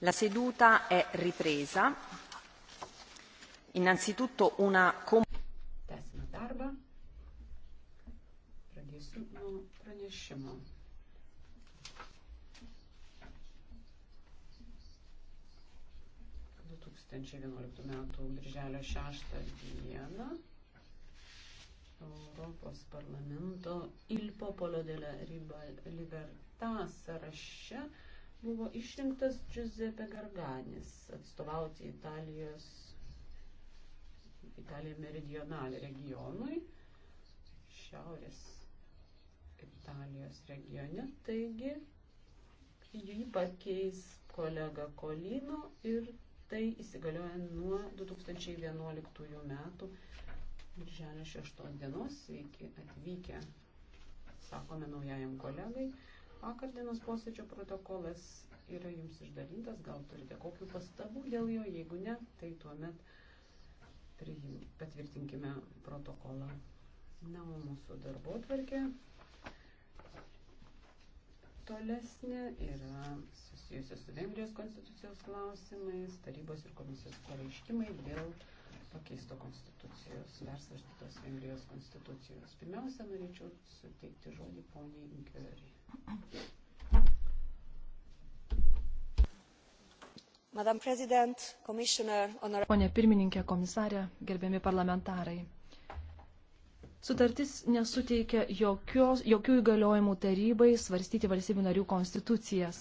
La seduta è ripresa. Innanzitutto una... Tęsime darbą. Pradėsiu nuo pranešimo. metų birželio 6 dieną Europos parlamento Il Popolo della Libertà sąraše buvo išrinktas Giuseppe Garganis atstovauti Italijos, Italijos meridionalį regionui, šiaurės Italijos regione. Taigi jį pakeis kolega Kolino ir tai įsigalioja nuo 2011 metų. Birželio 6 dienos sveiki atvykę, sakome naujajam kolegai. Vakar dienos posėdžio protokolas yra jums išdalintas, gal turite kokių pastabų dėl jo, jeigu ne, tai tuomet patvirtinkime protokolą. Na, o mūsų darbo tvarkė tolesnė yra susijusi su Vengrijos konstitucijos klausimais, tarybos ir komisijos pareiškimai dėl pakeisto konstitucijos, persvarstytos Vengrijos konstitucijos. Pirmiausia, norėčiau suteikti žodį poniai Inkveriai. Pone pirmininkė, komisarė, gerbiami parlamentarai. Sutartis nesuteikia jokios, jokių įgaliojimų tarybai svarstyti valstybių narių konstitucijas.